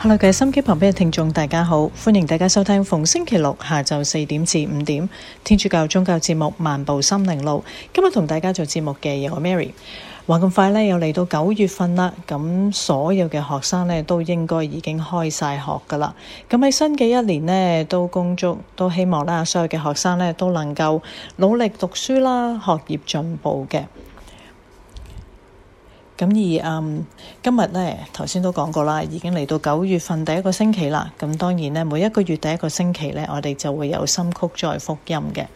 Hello，各位心機旁邊嘅聽眾，大家好，歡迎大家收聽逢星期六下晝四點至五點天主教宗教節目《漫步心靈路》。今日同大家做節目嘅有 Mary。話咁快呢又嚟到九月份啦，咁所有嘅學生呢，都應該已經開晒學噶啦。咁喺新嘅一年呢，都恭祝，都希望啦，所有嘅學生呢，都能夠努力讀書啦，學業進步嘅。咁而嗯，今日呢，頭先都講過啦，已經嚟到九月份第一個星期啦。咁當然呢，每一個月第一個星期呢，我哋就會有新曲再復音嘅。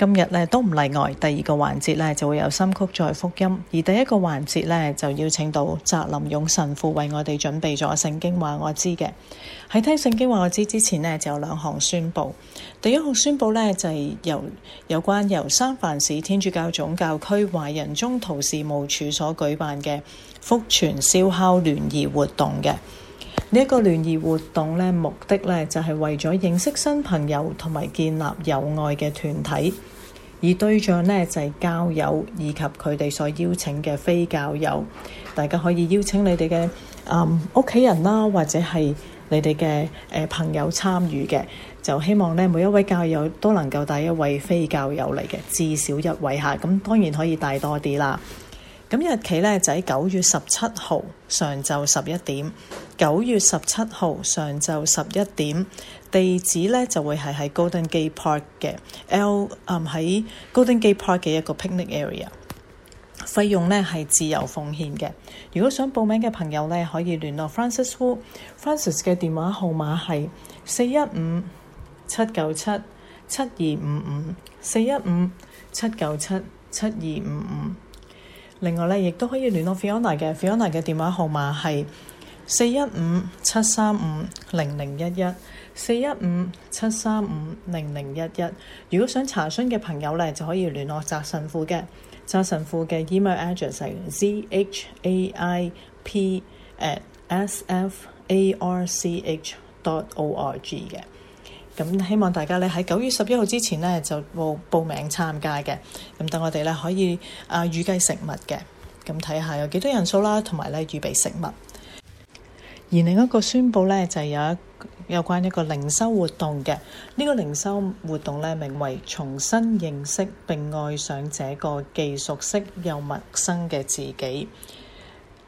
今日咧都唔例外，第二個環節咧就會有三曲再復音，而第一個環節咧就邀請到翟林勇神父為我哋準備咗聖經話我知嘅。喺聽聖經話我知之前咧就有兩項宣佈，第一項宣佈咧就係、是、由有關由三藩市天主教總教區華人中途事務處所舉辦嘅福傳燒烤聯誼活動嘅。呢一個聯誼活動呢，目的呢，就係、是、為咗認識新朋友同埋建立友愛嘅團體，而對象呢，就係、是、教友以及佢哋所邀請嘅非教友。大家可以邀請你哋嘅屋企人啦，或者係你哋嘅誒朋友參與嘅，就希望呢每一位教友都能夠帶一位非教友嚟嘅，至少一位吓，咁當然可以帶多啲啦。咁日期咧就喺九月十七號上晝十一點，九月十七號上晝十一點，地址咧就會係喺 Golden Gate Park 嘅 L，嗯喺 Golden Gate Park 嘅一個 picnic area。費用咧係自由奉獻嘅。如果想報名嘅朋友咧，可以聯絡 Francis Wu，Francis 嘅電話號碼係四一五七九七七二五五，四一五七九七七二五五。另外咧，亦都可以聯絡 Fiona 嘅，Fiona 嘅電話號碼係四一五七三五零零一一，四一五七三五零零一一。如果想查詢嘅朋友咧，就可以聯絡澤神父嘅，澤神父嘅 email address 係 zhaip@sfarch.org 嘅。咁希望大家咧喺九月十一號之前咧就報名參加嘅，咁等我哋咧可以啊預計食物嘅，咁睇下有幾多人數啦，同埋咧預備食物。而另一個宣布呢，就係有一有關一個靈修活動嘅，呢、這個靈修活動呢，名為重新認識並愛上這個既熟悉又陌生嘅自己。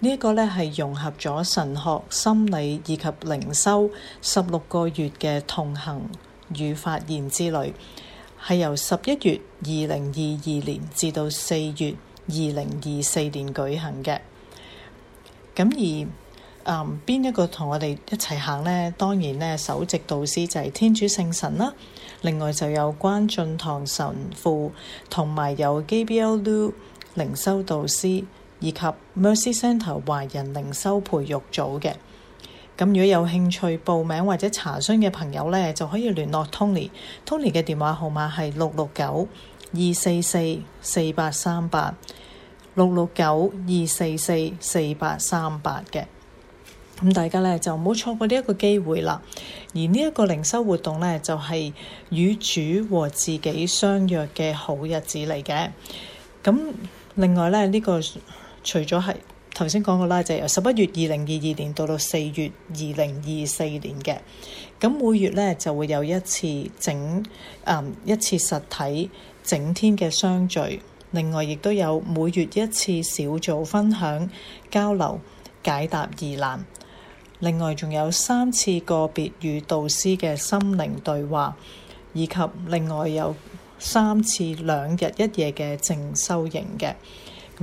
呢一個咧係融合咗神學、心理以及靈修，十六個月嘅同行與發現之旅，係由十一月二零二二年至到四月二零二四年舉行嘅。咁而嗯，邊、呃、一個同我哋一齊行咧？當然咧，首席導師就係天主聖神啦。另外就有關進堂神父，同埋有，有 GBLU 靈修導師。以及 Mercy Center e 華人靈修培育組嘅。咁，如果有興趣報名或者查詢嘅朋友呢，就可以聯絡 Tony。Tony 嘅電話號碼係六六九二四四四八三八六六九二四四四八三八嘅。咁大家呢就唔好錯過呢一個機會啦。而呢一個靈修活動呢，就係、是、與主和自己相約嘅好日子嚟嘅。咁另外呢，呢、這個。除咗係頭先講過啦，就係由十一月二零二二年到到四月二零二四年嘅，咁每月咧就會有一次整，嗯，一次實體整天嘅相聚。另外亦都有每月一次小組分享交流，解答疑難。另外仲有三次個別與導師嘅心靈對話，以及另外有三次兩日一夜嘅靜修營嘅。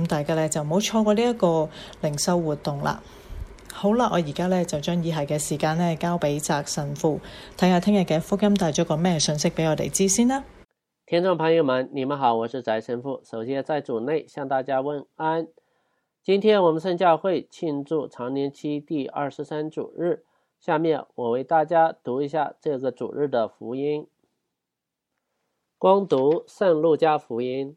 咁、嗯、大家咧就唔好錯過呢一個靈修活動啦。好啦，我而家咧就將以下嘅時間咧交俾翟神父，睇下聽日嘅福音帶咗個咩信息俾我哋知先啦。聽眾朋友們，你們好，我是翟神父。首先在主內向大家問安。今天我們聖教會慶祝常年期第二十三主日，下面我為大家讀一下這個主日的福音。光讀聖路加福音。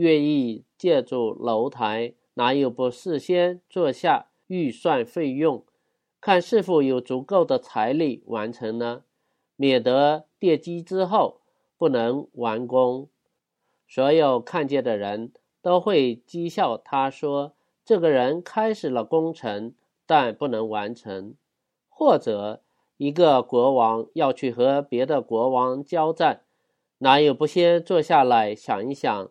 願意建築樓台，哪有不事先做下預算費用，看是否有足夠的財力完成呢？免得奠基之後不能完工。所有看見的人都會譏笑他，說：這個人開始了工程，但不能完成。或者一個國王要去和別的國王交戰，哪有不先坐下來想一想？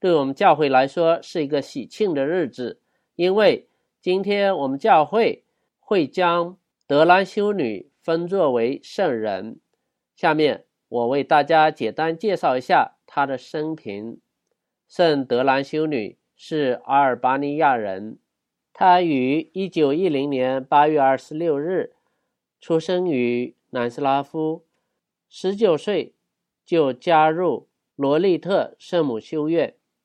對我們教會來說是一個喜慶的日子，因為今天我們教會會將德蘭修女封作為聖人。下面我為大家簡單介紹一下她的生平。聖德蘭修女是阿爾巴尼亞人，她於一九一零年八月二十六日出生於南斯拉夫，十九歲就加入羅利特聖母修院。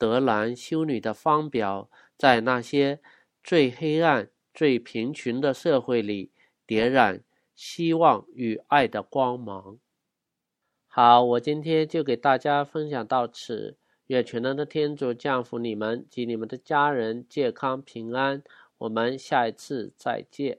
德蘭修女的方表，在那些最黑暗、最貧窮的社會裏，點燃希望與愛的光芒。好，我今天就給大家分享到此。願全能的天主降福你們及你們的家人健康平安。我們下一次再見。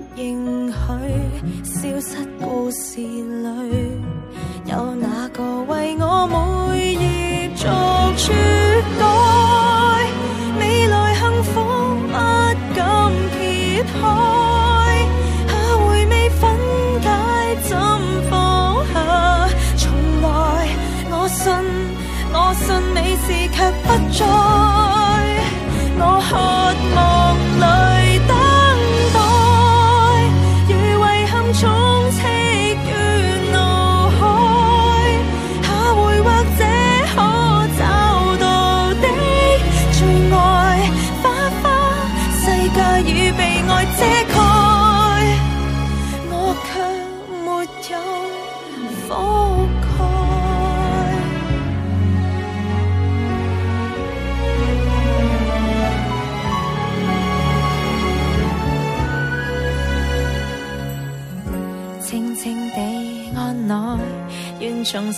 應許消失故事裡，有哪個為我每頁做篡改？未來幸福不敢揭開，下回未分解怎放下？從來我信，我信你事卻不再。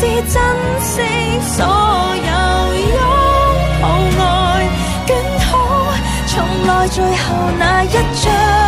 是珍惜所有擁抱 愛，捲土重來最後那一張。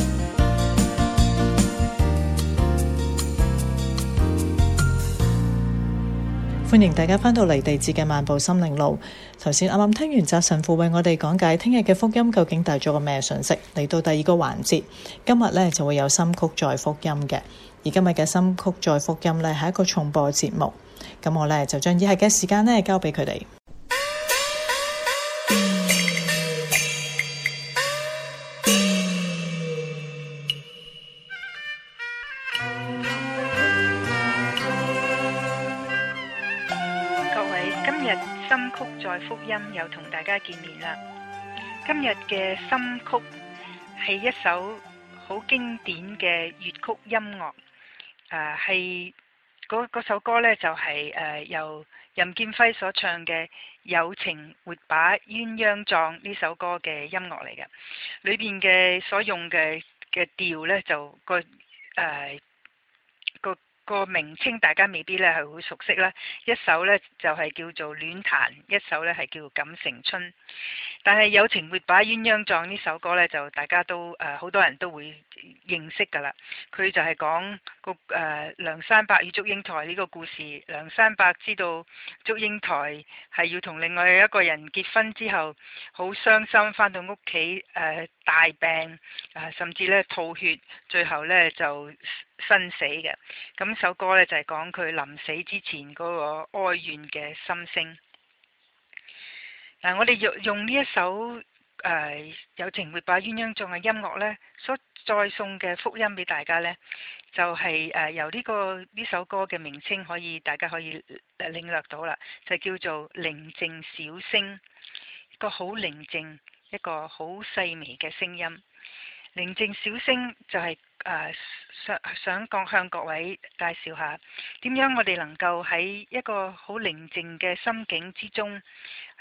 歡迎大家返到嚟地節嘅漫步心靈路。頭先啱啱聽完澤神父為我哋講解聽日嘅福音，究竟帶咗個咩信息？嚟到第二個環節，今日咧就會有心曲在福音嘅。而今日嘅心曲在福音咧係一個重播節目。咁我咧就將以下嘅時間咧交俾佢哋。音又同大家見面啦！今日嘅心曲係一首好經典嘅粵曲音樂，誒、呃，係嗰首歌呢，就係、是、誒、呃、由任劍輝所唱嘅《友情活把鴛鴦葬》呢首歌嘅音樂嚟嘅，裏邊嘅所用嘅嘅調咧就個誒。呃個名稱大家未必咧係好熟悉啦，一首呢就係叫做《戀彈》，一首呢係叫《錦城春》。但係《有情活把鴛鴦葬》呢首歌呢，就大家都誒好、呃、多人都會認識噶啦。佢就係講、那個誒、呃、梁山伯與祝英台呢個故事。梁山伯知道祝英台係要同另外一個人結婚之後，好傷心，翻到屋企誒大病，呃、甚至咧吐血，最後呢就。生死嘅，咁首歌咧就係講佢臨死之前嗰個哀怨嘅心聲。嗱，我哋用用呢一首誒、呃《有情活把鴛鴦葬》嘅音樂咧，所再送嘅福音俾大家咧，就係、是、誒、呃、由呢個呢首歌嘅名稱可以大家可以領略到啦，就叫做寧靜小聲，個好寧靜一個好細微嘅聲音。寧靜小聲就係誒想想向各位介紹下點樣我哋能夠喺一個好寧靜嘅心境之中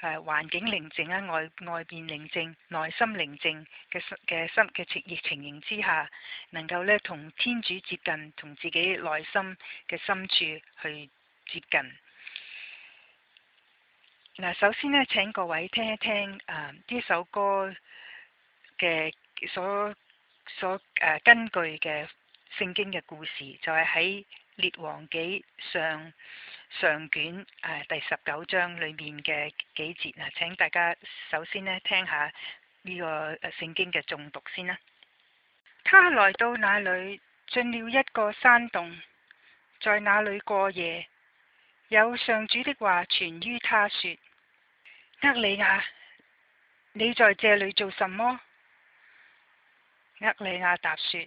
誒環、呃、境寧靜啊外外邊寧靜內心寧靜嘅嘅心嘅情形之下，能夠咧同天主接近，同自己內心嘅深處去接近。嗱、呃，首先咧，請各位聽一聽誒呢、呃、首歌嘅。所所誒、啊、根據嘅聖經嘅故事，就係、是、喺列王紀上上卷誒、啊、第十九章裏面嘅幾節嗱，請大家首先咧聽下呢個誒聖經嘅重讀先啦。他來到那裡，進了一個山洞，在那裡過夜。有上主的話傳於他說，說：厄里亞，你在這裡做什麼？厄里亞達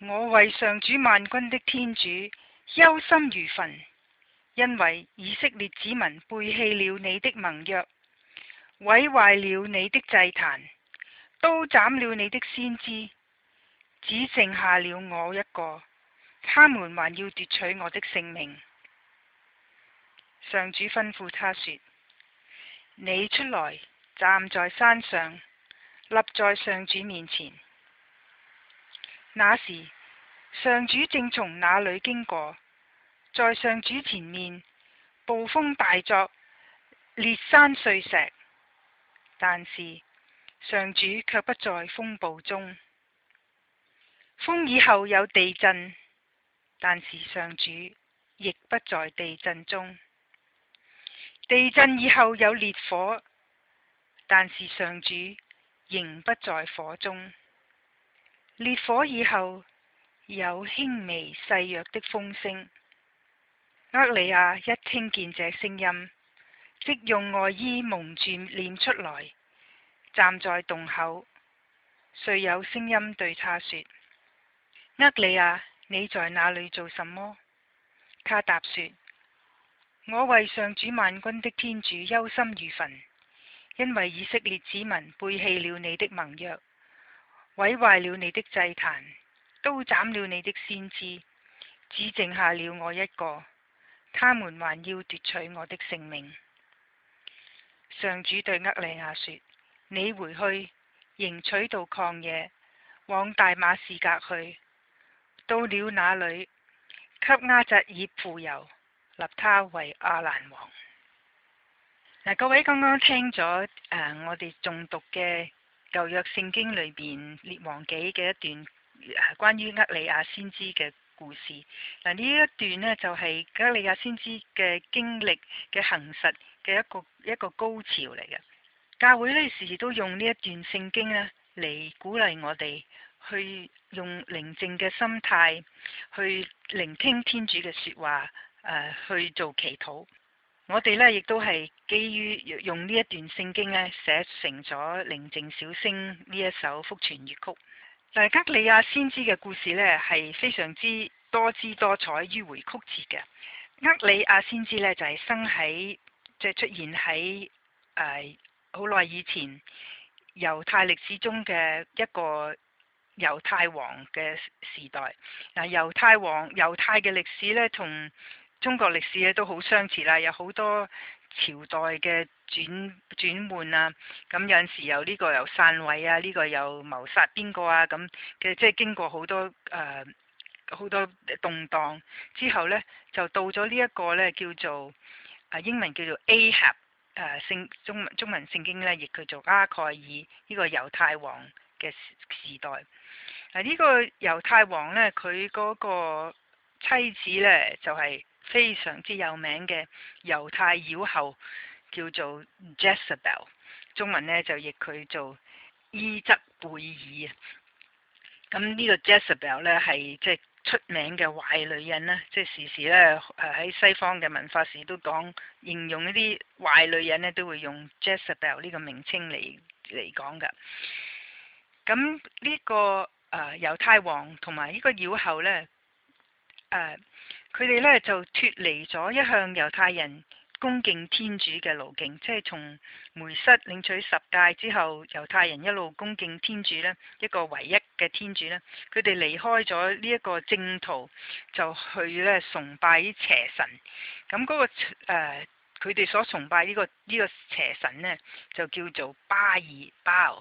說：我為上主萬軍的天主憂心如焚，因為以色列子民背棄了你的盟約，毀壞了你的祭壇，刀斬了你的先知，只剩下了我一個。他們還要奪取我的性命。上主吩咐他說：你出來站在山上。立在上主面前，那時上主正從那裏經過，在上主前面暴風大作，裂山碎石，但是上主却不在風暴中。風以後有地震，但是上主亦不在地震中。地震以後有烈火，但是上主。仍不在火中。烈火以後，有輕微細弱的風聲。厄里亞一聽見這聲音，即用外衣蒙住臉出來，站在洞口。遂有聲音對他說：厄里亞，你在那裏做什麼？他答說：我為上主萬軍的天主憂心如焚。因為以色列子民背棄了你的盟約，毀壞了你的祭壇，刀斬了你的先知，只剩下了我一個。他們還要奪取我的性命。上主對厄利亞說：你回去，仍取道曠野，往大馬士革去。到了那裡，給阿扎爾傅油，立他為阿蘭王。嗱，各位剛剛聽咗誒、呃，我哋誦讀嘅舊約聖經裏邊列王紀嘅一段誒，關於厄里亞先知嘅故事。嗱，呃，呢一段呢，就係、是、厄里亞先知嘅經歷嘅行實嘅一個一個高潮嚟嘅。教會呢時時都用呢一段聖經呢嚟，鼓勵我哋，去用寧靜嘅心態去聆聽天主嘅說話，誒、呃，去做祈禱。我哋咧，亦都係基於用呢一段聖經咧，寫成咗寧靜小聲呢一首福傳粵曲。但嗱，厄里亞先知嘅故事呢係非常之多姿多彩、迂回曲折嘅。厄里亞先知呢就係、是、生喺即係出現喺誒好耐以前猶太歷史中嘅一個猶太王嘅時代。嗱、呃，猶太王猶太嘅歷史呢同中國歷史咧都好相似啦，有好多朝代嘅轉轉換啊，咁有陣時由呢個由篡位啊，呢、這個又謀殺邊個啊咁嘅，即係經過好多誒好、呃、多動盪之後呢，就到咗呢一個咧叫做英文叫做 Ahab 誒聖中中文聖經呢亦叫做阿蓋爾呢個猶太王嘅時代。呢、這個猶太王呢，佢嗰個妻子呢就係、是。非常之有名嘅猶太妖后叫做 Jezebel 中文呢就譯佢做伊則貝爾，咁呢個 Jezebel 呢係即係出名嘅壞女人啦，即係時時呢誒喺西方嘅文化時都講形容呢啲壞女人呢都會用 Jezebel 呢個名稱嚟嚟講噶。咁呢、這個誒、呃、猶太王同埋呢個妖后呢。誒、呃。佢哋咧就脫離咗一向猶太人恭敬天主嘅路徑，即係從梅瑟領取十戒之後，猶太人一路恭敬天主咧，一個唯一嘅天主咧，佢哋離開咗呢一個正途，就去咧崇拜邪神。咁、那、嗰個佢哋、呃、所崇拜呢、呢個呢、呢個邪神呢，就叫做巴爾巴爾。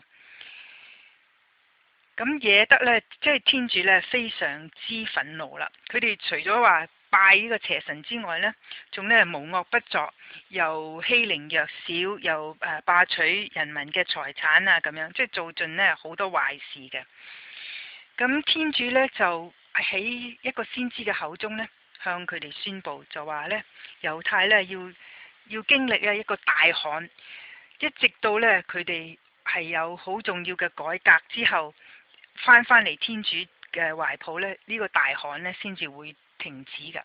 咁惹得咧，即係天主咧，非常之憤怒啦！佢哋除咗話，拜呢個邪神之外呢，仲呢無惡不作，又欺凌弱小，又誒霸取人民嘅財產啊，咁樣即係做盡呢好多壞事嘅。咁天主呢就喺一個先知嘅口中呢向佢哋宣佈，就話呢：「猶太呢要要經歷呢一個大旱，一直到呢佢哋係有好重要嘅改革之後，翻返嚟天主嘅懷抱呢。這」呢個大旱呢先至會。停止噶，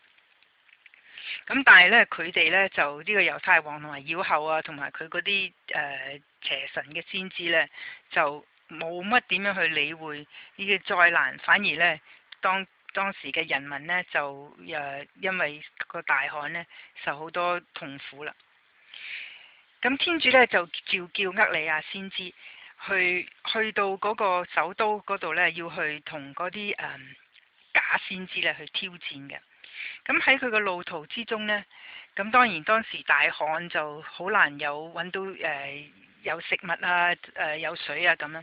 咁但係咧，佢哋咧就呢個猶太王同埋妖后啊，同埋佢嗰啲誒邪神嘅先知咧，就冇乜點樣去理會呢個災難，反而咧當當時嘅人民咧就誒，因為個大旱咧受好多痛苦啦。咁天主咧就召叫，叫厄里亞先知去去到嗰個首都嗰度咧，要去同嗰啲誒。呃打先知咧去挑戰嘅，咁喺佢嘅路途之中咧，咁當然當時大旱就好難有揾到誒、呃，有食物啊誒、呃，有水啊咁樣。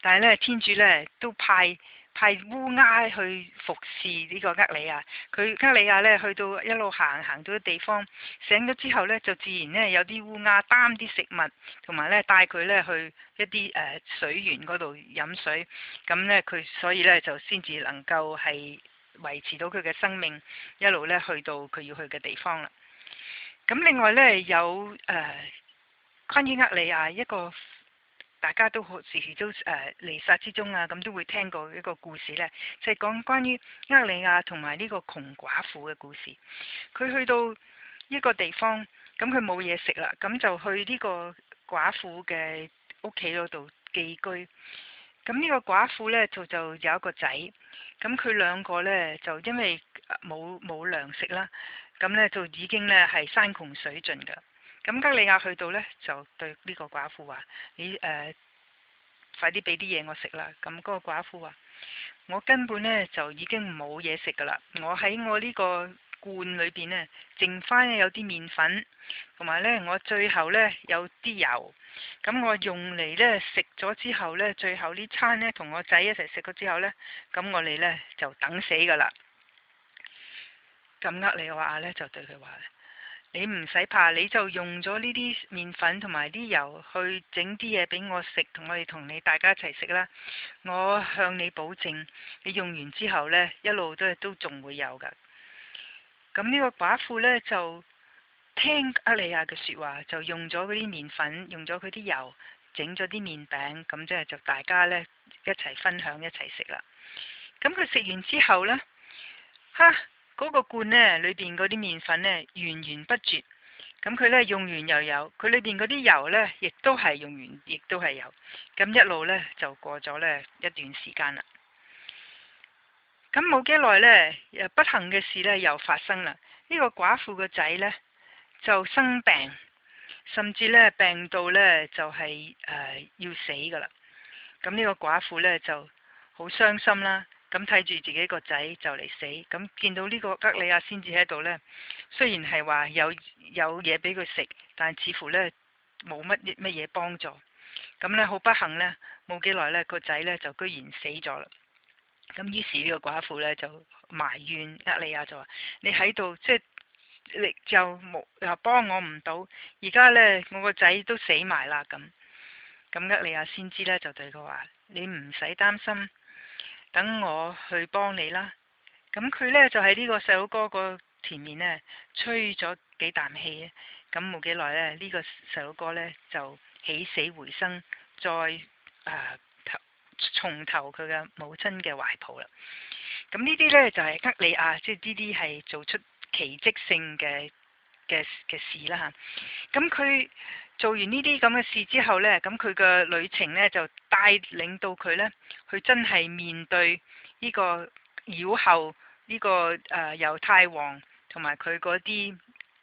但係咧，天主咧都派。派烏鴉去服侍個呢個厄里亞，佢厄里亞咧去到一路行，行到啲地方，醒咗之後咧就自然咧有啲烏鴉擔啲食物，同埋咧帶佢咧去一啲誒、呃、水源嗰度飲水，咁咧佢所以咧就先至能夠係維持到佢嘅生命，一路咧去到佢要去嘅地方啦。咁另外咧有誒、呃、關於厄里亞一個。大家都好時時都誒離、呃、煞之中啊，咁都會聽過一個故事呢，就係、是、講關於厄利亞同埋呢個窮寡婦嘅故事。佢去到一個地方，咁佢冇嘢食啦，咁就去呢個寡婦嘅屋企嗰度寄居。咁呢個寡婦呢，就就有一個仔，咁佢兩個呢，就因為冇冇糧食啦，咁呢就已經呢係山窮水盡噶。咁格里亞去到呢，就對呢個寡婦話，你誒快啲俾啲嘢我食啦！咁嗰個寡婦話，呃，我根本呢，就已經冇嘢食噶啦，我喺我呢個罐裏邊呢，剩翻有啲麵粉，同埋呢我最後呢有啲油，咁我用嚟呢，食咗之後呢，最後呢餐呢，同我仔一齊食咗之後呢，咁我哋呢，就等死噶啦！咁格里亞呢，就對佢話你唔使怕，你就用咗呢啲麵粉同埋啲油去整啲嘢，俾我食，同我哋同你大家一齊食啦。我向你保證，你用完之後呢，一路都都仲會有噶。咁呢個寡婦呢，就聽阿莉亞嘅說話，就用咗嗰啲麵粉，用咗佢啲油，整咗啲麵餅，咁即係就大家呢，一齊分享一齊食啦。咁佢食完之後呢，哈。嗰個罐呢，裏邊嗰啲麵粉呢，源源不絕，咁佢呢，用完又有，佢裏邊嗰啲油呢，亦都係用完，亦都係有，咁一路呢就過咗呢一段時間啦。咁冇幾耐呢，不幸嘅事呢又發生啦。呢個寡婦個仔呢就生病，甚至呢病到呢就係誒要死噶啦。咁呢個寡婦呢就好傷心啦。咁睇住自己個仔就嚟死，咁見到呢個吉利亞先知喺度呢，雖然係話有有嘢俾佢食，但似乎呢冇乜乜嘢幫助。咁呢好不幸呢，冇幾耐呢個仔呢就居然死咗啦。咁於是呢個寡婦呢就埋怨吉利亞，就話你喺度即係你就冇又幫我唔到，而家呢，我個仔都死埋啦咁。咁吉利亞先知呢就對佢話：你唔使擔心。等我去幫你啦。咁佢呢，就喺呢個細佬哥個前面呢，吹咗幾啖氣，咁冇幾耐呢，呢、呢個細佬哥呢，就起死回生，再誒重投佢嘅母親嘅懷抱啦。咁呢啲呢，就係吉利亞，即係呢啲係做出奇蹟性嘅嘅嘅事啦，咁佢。做完呢啲咁嘅事之後呢，咁佢嘅旅程呢，就帶領到佢呢，佢真係面對呢個妖后呢、呢個誒猶太王同埋佢嗰啲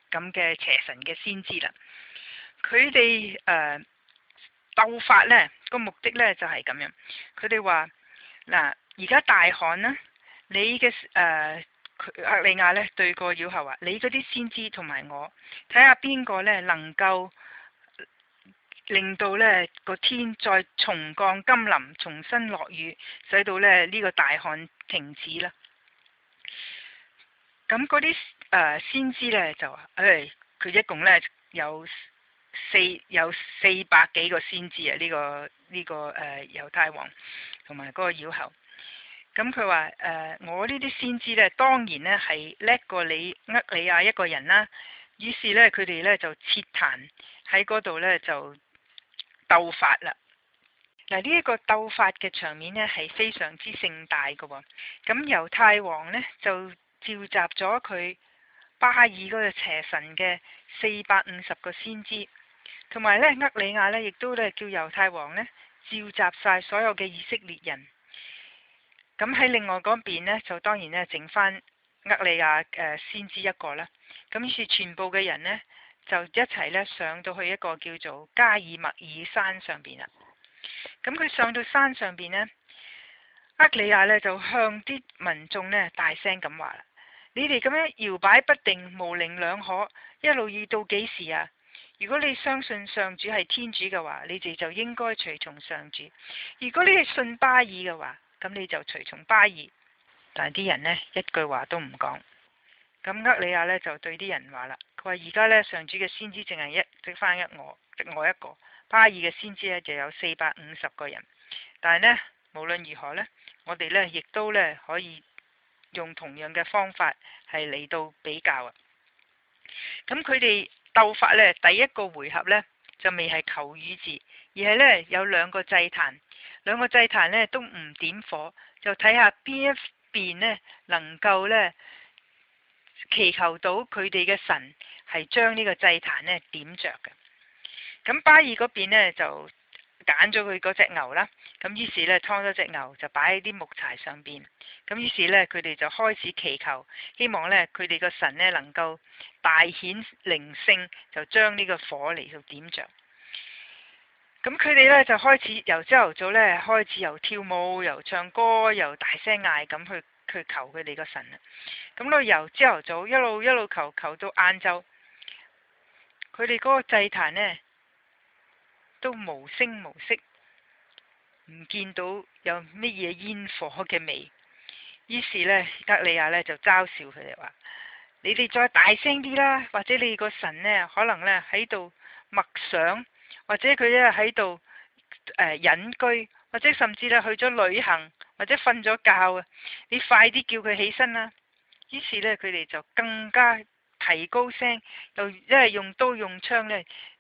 咁嘅邪神嘅先知啦。佢哋誒鬥法呢個目的呢，就係咁樣。佢哋話：嗱，而家大旱呢，你嘅誒阿利亞呢對個妖后話，你嗰啲先知同埋我，睇下邊個呢能夠令到咧個天再重降甘霖，重新落雨，使到咧呢、這個大旱停止啦。咁嗰啲誒先知咧就誒，佢、哎、一共咧有四有四百幾個先知啊。呢、這個呢、這個誒、呃、猶太王同埋嗰個妖後。咁佢話：誒、呃，我呢啲先知咧，當然咧係叻過你，厄里亞一個人啦。於是咧，佢哋咧就設壇喺嗰度咧就。鬥法啦！嗱，呢一個鬥法嘅場面呢係非常之盛大㗎。咁猶太王呢就召集咗佢巴爾嗰個邪神嘅四百五十個先知，同埋呢厄里亞呢亦都呢叫猶太王呢召集晒所有嘅以色列人。咁喺另外嗰邊呢，就當然呢剩翻厄里亞誒先知一個啦。咁於是全部嘅人呢。就一齊咧上到去一個叫做加爾默爾山上邊啦。咁佢上到山上邊，呢克里亞呢就向啲民眾呢大聲咁話：你哋咁樣搖擺不定，模棱兩可，一路要到幾時啊？如果你相信上主係天主嘅話，你哋就應該隨從上主；如果你係信巴爾嘅話，咁你就隨從巴爾。但係啲人呢，一句話都唔講。咁厄里亞咧就對啲人話啦，佢話而家咧，上主嘅先知淨係一剩翻一我，剩我一個。巴爾嘅先知咧就有四百五十個人，但係呢，無論如何呢，我哋呢亦都呢可以用同樣嘅方法係嚟到比較啊。咁佢哋鬥法呢，第一個回合呢就未係求雨字，而係呢有兩個祭壇，兩個祭壇呢都唔點火，就睇下邊一邊呢能夠呢。祈求到佢哋嘅神係將呢個祭壇咧點着嘅，咁巴爾嗰邊咧就揀咗佢嗰隻牛啦，咁於是咧劏咗隻牛就擺喺啲木柴上邊，咁於是咧佢哋就開始祈求，希望咧佢哋個神咧能夠大顯靈性，就將呢個火嚟到點着，咁佢哋咧就開始由朝頭早咧開始，又跳舞、又唱歌、又大聲嗌咁去。去求佢哋個神啦，咁咧由朝頭早一路一路求，求到晏晝，佢哋嗰個祭壇呢都無聲無息，唔見到有乜嘢煙火嘅味。於是呢，以利亞呢就嘲笑佢哋話：你哋再大聲啲啦，或者你個神呢可能呢喺度默想，或者佢呢喺度誒隱居，或者甚至呢去咗旅行。或者瞓咗覺啊！你快啲叫佢起身啦！於是咧，佢哋就更加提高聲，又一係用刀用槍咧，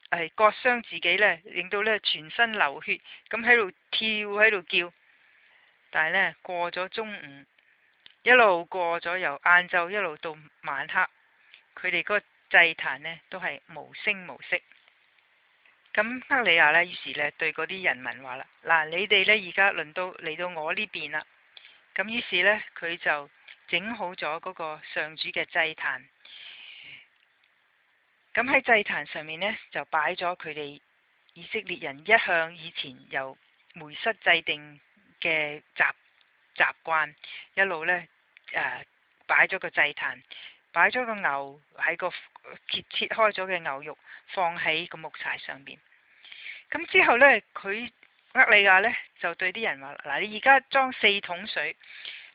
係、呃、割傷自己咧，令到咧全身流血，咁喺度跳喺度叫。但係咧，過咗中午，一路過咗由晏晝一路到晚黑，佢哋個祭壇咧都係無聲無息。咁克里亞呢，於是呢對嗰啲人民話啦：「嗱，你哋呢而家輪到嚟到我呢邊啦。」咁於是呢，佢就整好咗嗰個上主嘅祭壇。咁喺祭壇上面呢，就擺咗佢哋以色列人一向以前由梅瑟制定嘅習習慣，一路呢誒、呃、擺咗個祭壇，擺咗個牛喺個。切切開咗嘅牛肉放喺個木柴上面。咁之後呢，佢厄利亞呢就對啲人話：嗱，你而家裝四桶水，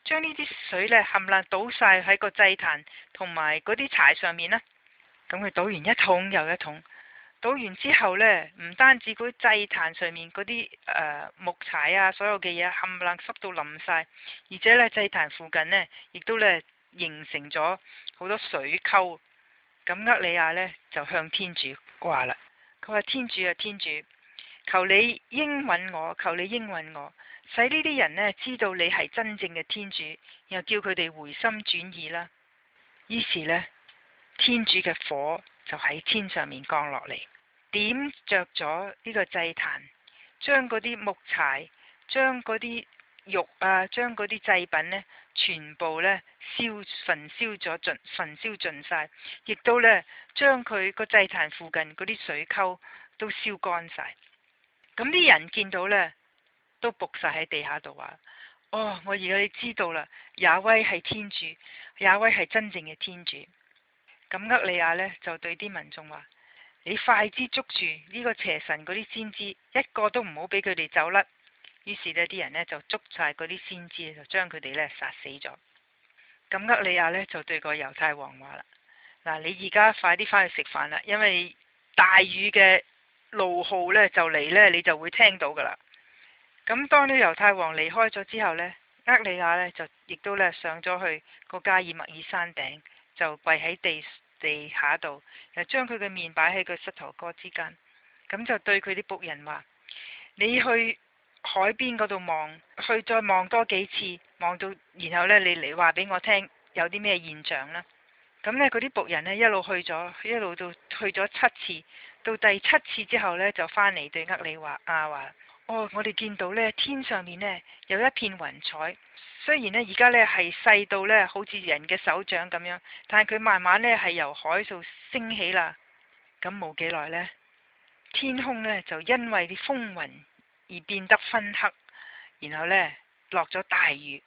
將呢啲水呢冚唪爛倒晒喺個祭壇同埋嗰啲柴上面啦。咁佢倒完一桶又一桶，倒完之後呢，唔單止嗰祭壇上面嗰啲誒木柴啊，所有嘅嘢冚唪爛濕到淋晒，而且呢，祭壇附近呢，亦都呢形成咗好多水溝。咁厄利亞呢，就向天主掛啦。佢話，天主啊天主，求你應允我，求你應允我，使呢啲人呢知道你係真正嘅天主，又叫佢哋回心轉意啦。於是呢，天主嘅火就喺天上面降落嚟，點着咗呢個祭壇，將嗰啲木柴，將嗰啲。肉啊，將嗰啲祭品呢，全部呢，燒焚燒咗盡焚燒盡晒，亦都呢，將佢個祭壇附近嗰啲水溝都燒乾晒。咁啲人見到呢，都仆晒喺地下度話：哦，我而家知道啦，亞威係天主，亞威係真正嘅天主。咁厄利亞呢，就對啲民眾話：你快啲捉住呢個邪神嗰啲先知，一個都唔好俾佢哋走甩。於是呢啲人呢，就捉晒嗰啲先知，就將佢哋呢殺死咗。咁厄利亞呢，就對個猶太王話啦：，嗱，你而家快啲翻去食飯啦，因為大雨嘅怒號呢就嚟呢，你就會聽到噶啦。咁當呢猶太王離開咗之後呢，厄利亞呢就亦都呢上咗去個加爾默爾山頂，就跪喺地地下度，又將佢嘅面擺喺個膝頭哥之間，咁就對佢啲僕人話：，你去。海邊嗰度望，去再望多幾次，望到然後呢，你嚟話俾我聽有啲咩現象啦？咁呢，嗰啲僕人呢，一路去咗，一路到去咗七次，到第七次之後呢，就返嚟對厄里亞話阿華，哦，我哋見到呢，天上面呢有一片雲彩，雖然呢，而家呢係細到呢好似人嘅手掌咁樣，但係佢慢慢呢係由海度升起啦，咁冇幾耐呢，天空呢就因為啲風雲。而變得昏黑，然後呢落咗大雨。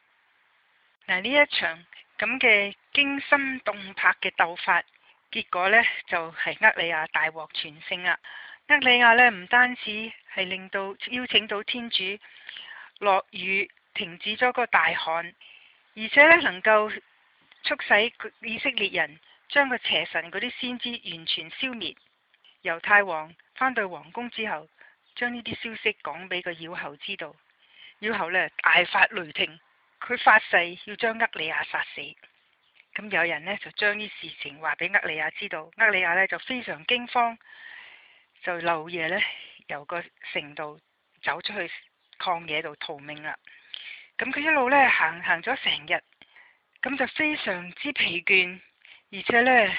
嗱，呢一場咁嘅驚心動魄嘅鬥法，結果呢，就係、是、厄利亞大獲全勝啦。厄利亞呢唔單止係令到邀請到天主落雨，停止咗個大旱，而且呢能夠促使以色列人將個邪神嗰啲先知完全消滅。猶太王返到皇宮之後。將呢啲消息講俾個妖后知道，妖后呢，大發雷霆，佢發誓要將厄里亞殺死。咁有人呢，就將啲事情話俾厄里亞知道，厄里亞呢，就非常驚慌，就漏夜呢，由個城度走出去曠野度逃命啦。咁佢一路呢，行行咗成日，咁就非常之疲倦，而且呢，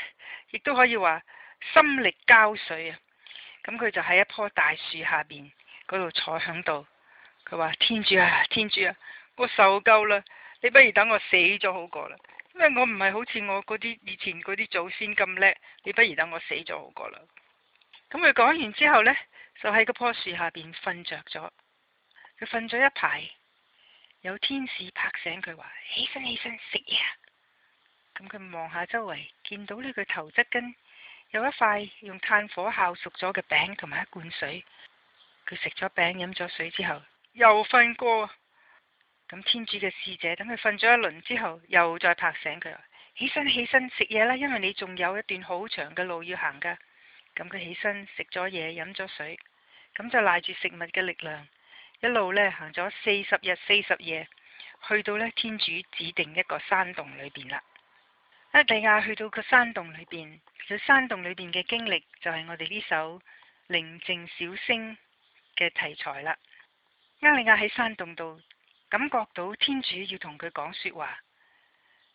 亦都可以話心力交瘁啊！咁佢就喺一棵大樹下邊嗰度坐響度，佢話，天主啊，天主啊，我受夠啦，你不如等我死咗好過啦，因為我唔係好似我啲以前嗰啲祖先咁叻，你不如等我死咗好過啦。咁佢講完之後呢，就喺嗰棵樹下邊瞓着咗。佢瞓咗一排，有天使拍醒佢話：起身起身食嘢。咁佢望下周圍，見到呢個頭側筋。有一塊用炭火烤熟咗嘅餅同埋一罐水，佢食咗餅飲咗水之後，又瞓過。咁天主嘅使者等佢瞓咗一輪之後，又再拍醒佢，起身起身食嘢啦，因為你仲有一段好長嘅路要行噶。咁佢起身食咗嘢飲咗水，咁就賴住食物嘅力量，一路呢行咗四十日四十夜，去到呢天主指定一個山洞裏邊啦。厄利雅去到個山洞裏邊，喺山洞裏邊嘅經歷就係我哋呢首寧靜小聲嘅題材啦。厄利雅喺山洞度感覺到天主要同佢講說話，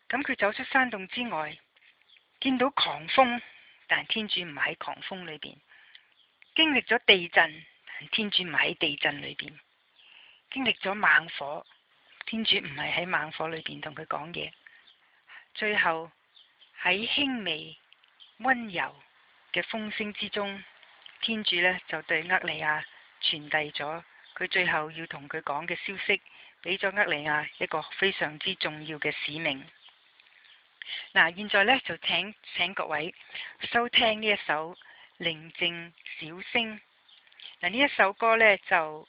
咁佢走出山洞之外，見到狂風，但天主唔喺狂風裏邊。經歷咗地震，但天主唔喺地震裏邊。經歷咗猛火，天主唔喺猛火裏邊同佢講嘢。最後。喺輕微溫柔嘅風聲之中，天主呢就對厄利亞傳遞咗佢最後要同佢講嘅消息，俾咗厄利亞一個非常之重要嘅使命。嗱，現在呢，就請請各位收聽呢一首《寧靜小聲》。嗱，呢一首歌呢，就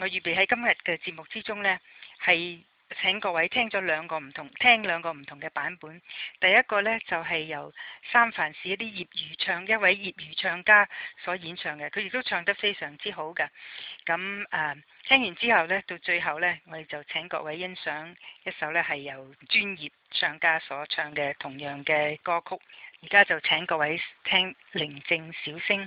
我預備喺今日嘅節目之中呢，係。請各位聽咗兩個唔同，聽兩個唔同嘅版本。第一個呢，就係、是、由三藩市一啲業餘唱一位業餘唱家所演唱嘅，佢亦都唱得非常之好㗎。咁誒、啊，聽完之後呢，到最後呢，我哋就請各位欣賞一首呢係由專業唱家所唱嘅同樣嘅歌曲。而家就請各位聽《寧靜小聲》。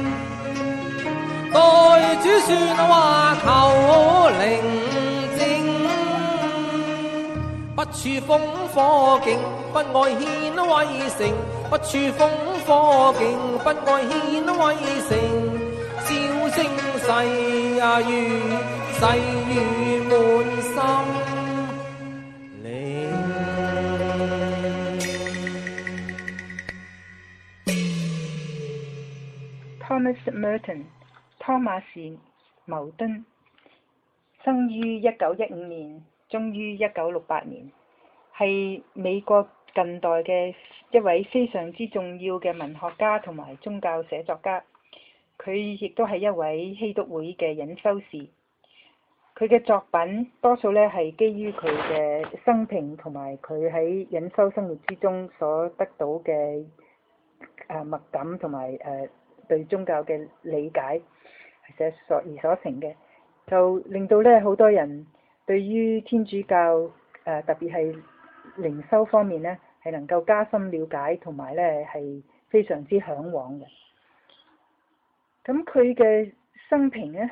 待主説話求寧靜，不處烽火境，不愛獻威聲，不處烽火境，不愛獻威聲。笑聲細呀，如世雨滿心靈。Thomas Merton。托馬士·牟敦生於一九一五年，終於一九六八年，係美國近代嘅一位非常之重要嘅文學家同埋宗教寫作家。佢亦都係一位基督會嘅隱修士。佢嘅作品多數咧係基於佢嘅生平同埋佢喺隱修生活之中所得到嘅啊物感同埋誒對宗教嘅理解。所而所成嘅，就令到咧好多人對於天主教誒、呃、特別係靈修方面咧，係能夠加深了解同埋咧係非常之向往嘅。咁佢嘅生平咧，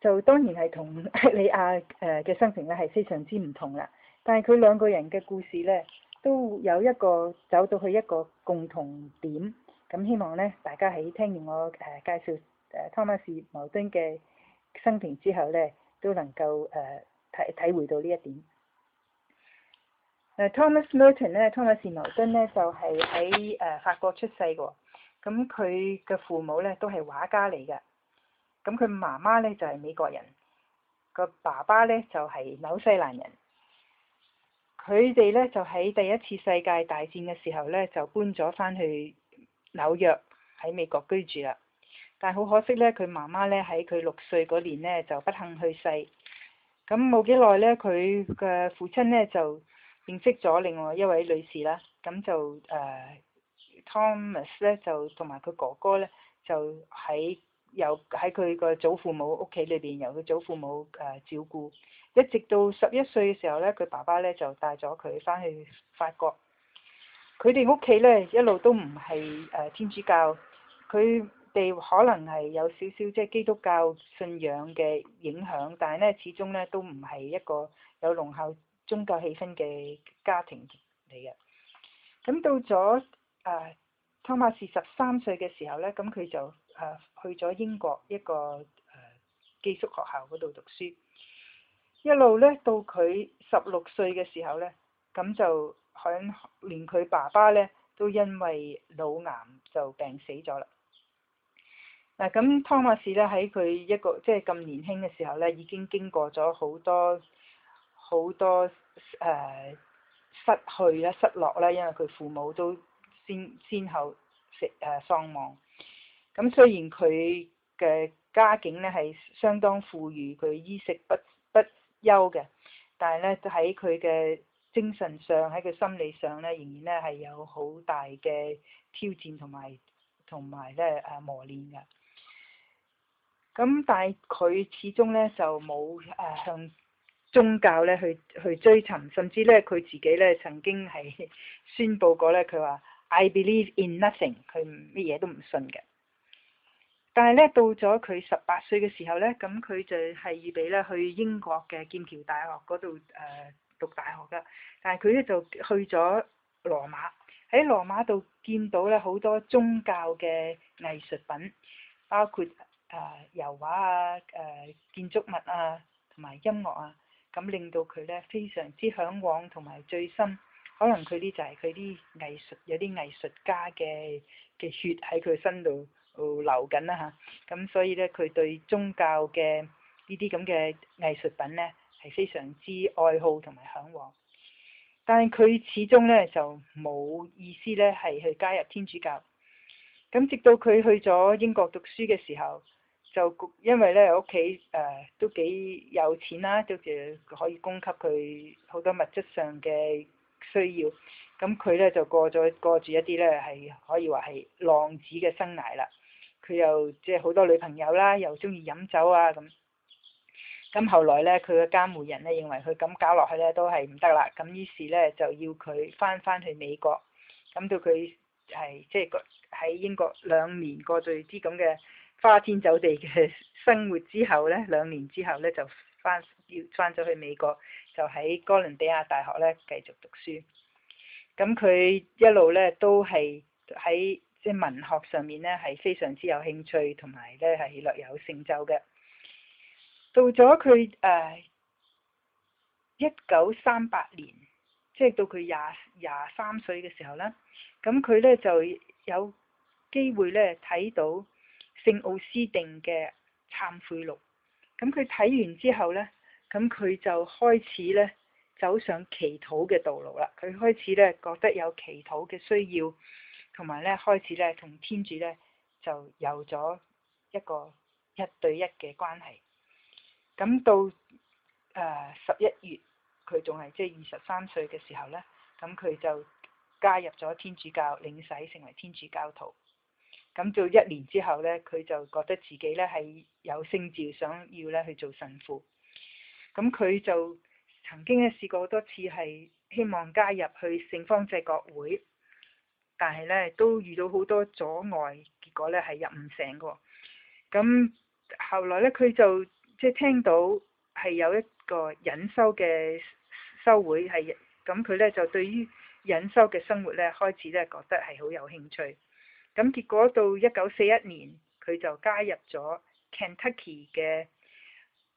就當然係同利亞誒嘅生平咧係非常之唔同啦。但係佢兩個人嘅故事咧，都有一個走到去一個共同點。咁希望咧，大家喺聽完我誒介紹誒，Thomas Merton 嘅生平之後咧，都能夠誒體體會到呢一點。誒，Thomas Merton 咧，Thomas Merton 咧就係喺誒法國出世嘅，咁佢嘅父母咧都係畫家嚟噶咁佢媽媽咧就係美國人，個爸爸咧就係紐西蘭人，佢哋咧就喺第一次世界大戰嘅時候咧就搬咗翻去紐約喺美國居住啦。但係好可惜咧，佢媽媽咧喺佢六歲嗰年咧就不幸去世，咁冇幾耐咧，佢嘅父親咧就認識咗另外一位女士啦，咁就誒、呃、Thomas 咧就同埋佢哥哥咧就喺由喺佢個祖父母屋企裏邊由佢祖父母誒照顧，一直到十一歲嘅時候咧，佢爸爸咧就帶咗佢返去法國，佢哋屋企咧一路都唔係誒天主教，佢哋可能係有少少即係基督教信仰嘅影響，但係咧始終咧都唔係一個有濃厚宗教氣氛嘅家庭嚟嘅。咁到咗啊，托馬士十三歲嘅時候咧，咁佢就啊去咗英國一個誒寄宿學校嗰度讀書，一路咧到佢十六歲嘅時候咧，咁就響連佢爸爸咧都因為腦癌就病死咗啦。嗱，咁湯馬士咧喺佢一個即係咁年輕嘅時候咧，已經經過咗好多好多誒、呃、失去啦、失落啦，因為佢父母都先先後死誒喪亡。咁雖然佢嘅家境咧係相當富裕，佢衣食不不憂嘅，但係咧喺佢嘅精神上、喺佢心理上咧，仍然咧係有好大嘅挑戰同埋同埋咧誒磨練噶。咁但係佢始終咧就冇誒向宗教咧去去追尋，甚至咧佢自己咧曾經係宣佈過咧，佢話 I believe in nothing，佢乜嘢都唔信嘅。但係咧到咗佢十八歲嘅時候咧，咁佢就係預備咧去英國嘅劍橋大學嗰度誒讀大學㗎。但係佢咧就去咗羅馬，喺羅馬度見到咧好多宗教嘅藝術品，包括，啊，油畫啊，誒、啊，建築物啊，同埋音樂啊，咁令到佢咧非常之嚮往同埋醉心。可能佢啲就係佢啲藝術，有啲藝術家嘅嘅血喺佢身度流緊啦吓。咁、啊啊、所以咧，佢對宗教嘅呢啲咁嘅藝術品咧，係非常之愛好同埋嚮往。但係佢始終咧就冇意思咧係去加入天主教。咁直到佢去咗英國讀書嘅時候。就因為咧屋企誒都幾有錢啦，都仲可以供給佢好多物質上嘅需要，咁佢咧就過咗過住一啲咧係可以話係浪子嘅生涯啦，佢又即係好多女朋友啦，又中意飲酒啊咁，咁後來咧佢嘅監護人咧認為佢咁搞落去咧都係唔得啦，咁於是咧就要佢翻翻去美國，咁到佢係即係個喺英國兩年過住啲咁嘅花天酒地嘅生活之後呢，兩年之後呢，就翻要翻咗去美國，就喺哥倫比亞大學呢繼續讀書。咁佢一路呢都係喺即係文學上面呢係非常之有興趣，同埋呢係略有成就嘅。到咗佢誒一九三八年，即係到佢廿廿三歲嘅時候呢，咁佢呢就有機會呢睇到。聖奧斯定嘅懺悔錄，咁佢睇完之後呢，咁佢就開始呢走上祈禱嘅道路啦，佢開始呢覺得有祈禱嘅需要，同埋呢開始呢同天主呢就有咗一個一對一嘅關係，咁到呃、十一月，佢仲係即係二十三歲嘅時候呢，咁佢就加入咗天主教領洗，成為天主教徒。咁做一年之後咧，佢就覺得自己咧係有聖召，想要咧去做神父。咁佢就曾經咧試過好多次係希望加入去聖方濟各會，但係咧都遇到好多阻礙，結果咧係入唔成嘅。咁後來咧，佢就即係聽到係有一個隱修嘅修會係，咁佢咧就對於隱修嘅生活咧開始咧覺得係好有興趣。咁結果到一九四一年，佢就加入咗 Kentucky 嘅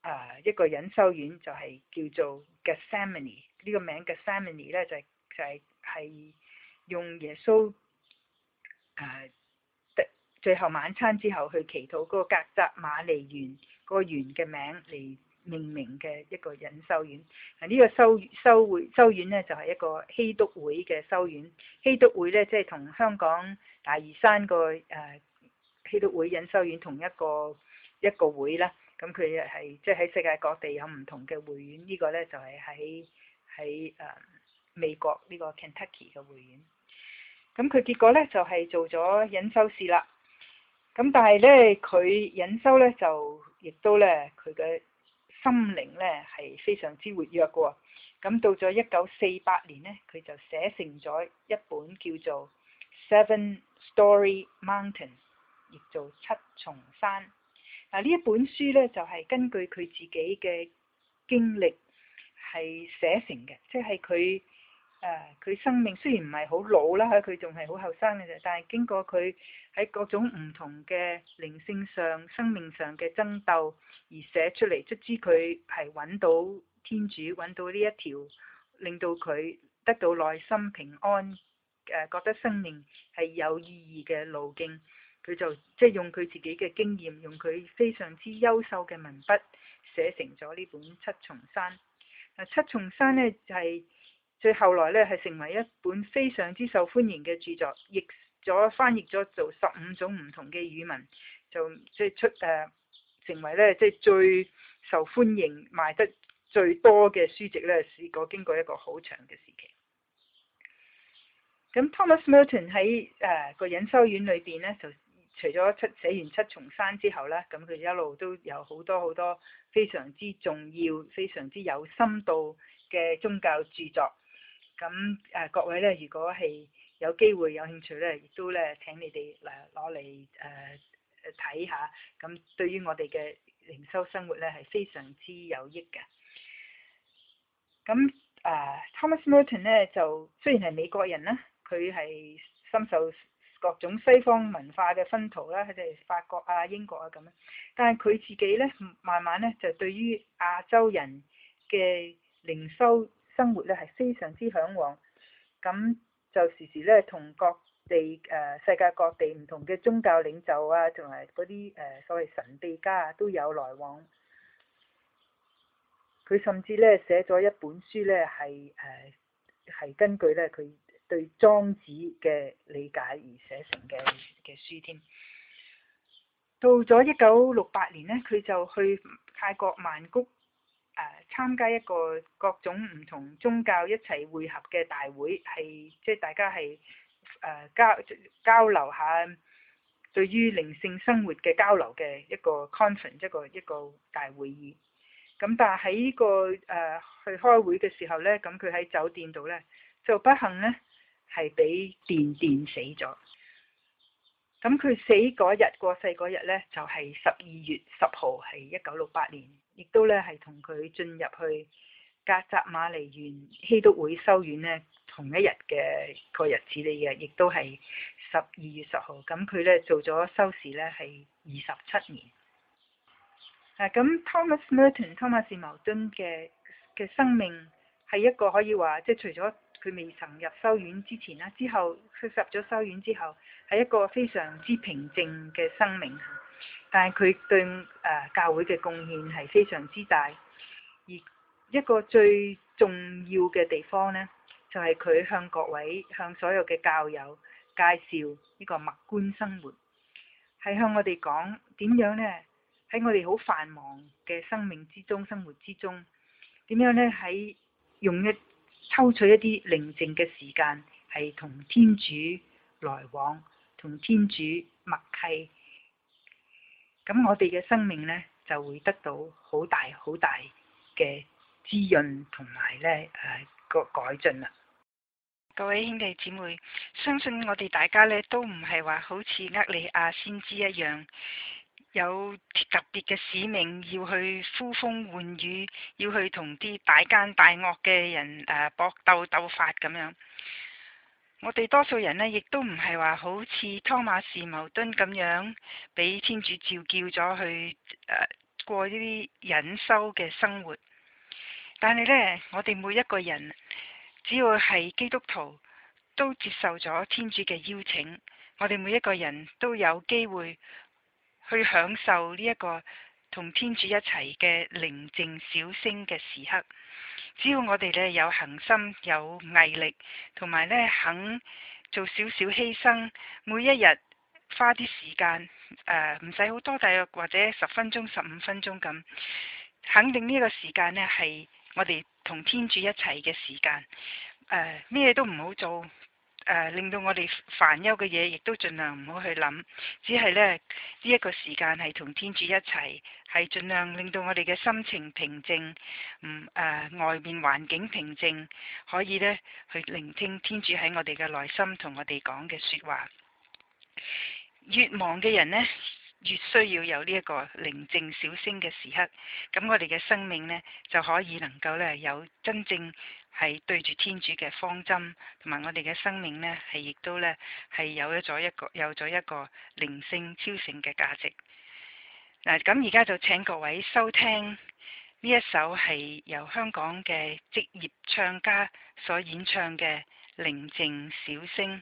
啊一個隱修院，就係、是、叫做 Gethsemane 呢個名 Gethsemane 咧，就係、是、就係係用耶穌誒最後晚餐之後去祈禱嗰個格扎馬尼園嗰、那個園嘅名嚟命名嘅一個隱修院。啊、這個，呢個修修會修院咧，就係、是、一個希督會嘅修院。希督會咧，即係同香港。大義山個誒基督教會引修院同一個一個會啦，咁佢係即係喺世界各地有唔同嘅會院，這個、呢個咧就係喺喺誒美國呢、這個 Kentucky 嘅會院。咁佢結果咧就係、是、做咗引修士啦。咁但係咧，佢引修咧就亦都咧，佢嘅心靈咧係非常之活躍嘅喎、哦。咁到咗一九四八年咧，佢就寫成咗一本叫做《Seven》。Story Mountain，亦做七重山。嗱呢一本書咧，就係根據佢自己嘅經歷係寫成嘅，即係佢誒佢生命雖然唔係好老啦，佢仲係好後生嘅啫，但係經過佢喺各種唔同嘅靈性上、生命上嘅爭鬥而寫出嚟，卒之佢係揾到天主，揾到呢一條令到佢得到內心平安。誒，覺得生命係有意義嘅路徑，佢就即係用佢自己嘅經驗，用佢非常之優秀嘅文筆寫成咗呢本《七重山》。《七重山》呢，就係、是，最後來呢，係成為一本非常之受歡迎嘅著作，譯咗翻譯咗做十五種唔同嘅語文，就即係出誒，成為呢，即係最受歡迎、賣得最多嘅書籍呢，試過經過一個好長嘅時期。咁 Thomas Merton 喺誒個、uh, 隱修院裏邊咧，就除咗七寫完七重山之後咧，咁佢一路都有好多好多非常之重要、非常之有深度嘅宗教著作。咁誒、呃、各位咧，如果係有機會、有興趣咧，亦都咧請你哋嗱攞嚟誒誒睇下。咁、呃、對於我哋嘅靈修生活咧，係非常之有益嘅。咁誒、uh, Thomas Merton 咧，就雖然係美國人啦。佢係深受各種西方文化嘅薰陶啦，喺啲法國啊、英國啊咁樣。但係佢自己咧，慢慢咧就對於亞洲人嘅靈修生活咧係非常之嚮往。咁就時時咧同各地誒世界各地唔同嘅宗教領袖啊，同埋嗰啲誒所謂神祕家啊都有來往。佢甚至咧寫咗一本書咧，係誒係根據咧佢。對莊子嘅理解而寫成嘅嘅書添。到咗一九六八年呢佢就去泰國曼谷誒參、呃、加一個各種唔同宗教一齊會合嘅大會，係即係大家係誒、呃、交交流下對於靈性生活嘅交流嘅一個 conference 一個一個大會議。咁但係喺、這個誒、呃、去開會嘅時候呢，咁佢喺酒店度呢就不幸呢。係俾電電死咗，咁佢死嗰日過世嗰日咧，就係十二月十號，係一九六八年，亦都咧係同佢進入去格扎馬尼縣基督教會修院呢同一日嘅個日子嚟嘅，亦都係十二月十號。咁佢咧做咗修士咧係二十七年。啊，咁 Thomas Merton，Thomas 係矛盾嘅嘅生命係一個可以話即係除咗。佢未曾入修院之前啦，之後佢入咗修院之後，係一個非常之平靜嘅生命。但係佢對誒、呃、教會嘅貢獻係非常之大，而一個最重要嘅地方呢，就係、是、佢向各位、向所有嘅教友介紹呢個默觀生活，係向我哋講點樣呢？喺我哋好繁忙嘅生命之中、生活之中，點樣呢？喺用一抽取一啲寧靜嘅時間，係同天主來往，同天主默契，咁我哋嘅生命呢，就會得到好大好大嘅滋潤同埋呢誒個改進啦。各位兄弟姊妹，相信我哋大家呢，都唔係話好似厄里亞先知一樣。有特別嘅使命要去呼風喚雨，要去同啲大奸大惡嘅人誒搏鬥鬥法咁樣。我哋多數人呢，亦都唔係話好似湯馬士茅敦咁樣，俾天主召叫咗去誒、呃、過呢啲隱修嘅生活。但係呢，我哋每一個人只要係基督徒，都接受咗天主嘅邀請，我哋每一個人都有機會。去享受呢一個同天主一齊嘅寧靜小聲嘅時刻，只要我哋咧有恒心有毅力，同埋咧肯做少少犧牲，每一日花啲時間，誒唔使好多，大約或者十分鐘十五分鐘咁，肯定呢個時間呢係我哋同天主一齊嘅時間，誒，咩都唔好做。誒，令到我哋煩憂嘅嘢，亦都盡量唔好去諗，只係咧呢一個時間係同天主一齊，係盡量令到我哋嘅心情平靜，唔、呃、誒外面環境平靜，可以呢去聆聽天主喺我哋嘅內心同我哋講嘅說話。越忙嘅人呢，越需要有呢一個寧靜小聲嘅時刻，咁我哋嘅生命呢，就可以能夠呢有真正。係對住天主嘅方針，同埋我哋嘅生命呢，係亦都呢，係有咗一個有咗一個靈性超性嘅價值。嗱，咁而家就請各位收聽呢一首係由香港嘅職業唱家所演唱嘅《寧靜小聲》。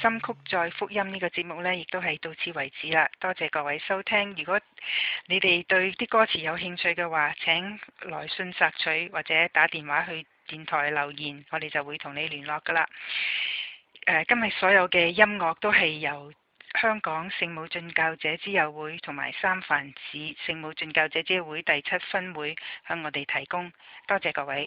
心曲再福音呢個節目呢，亦都係到此為止啦。多謝各位收聽。如果你哋對啲歌詞有興趣嘅話，請來信索取或者打電話去電台留言，我哋就會同你聯絡噶啦。呃，今日所有嘅音樂都係由香港聖母進教者之友會同埋三藩市聖母進教者之友會第七分會向我哋提供。多謝各位。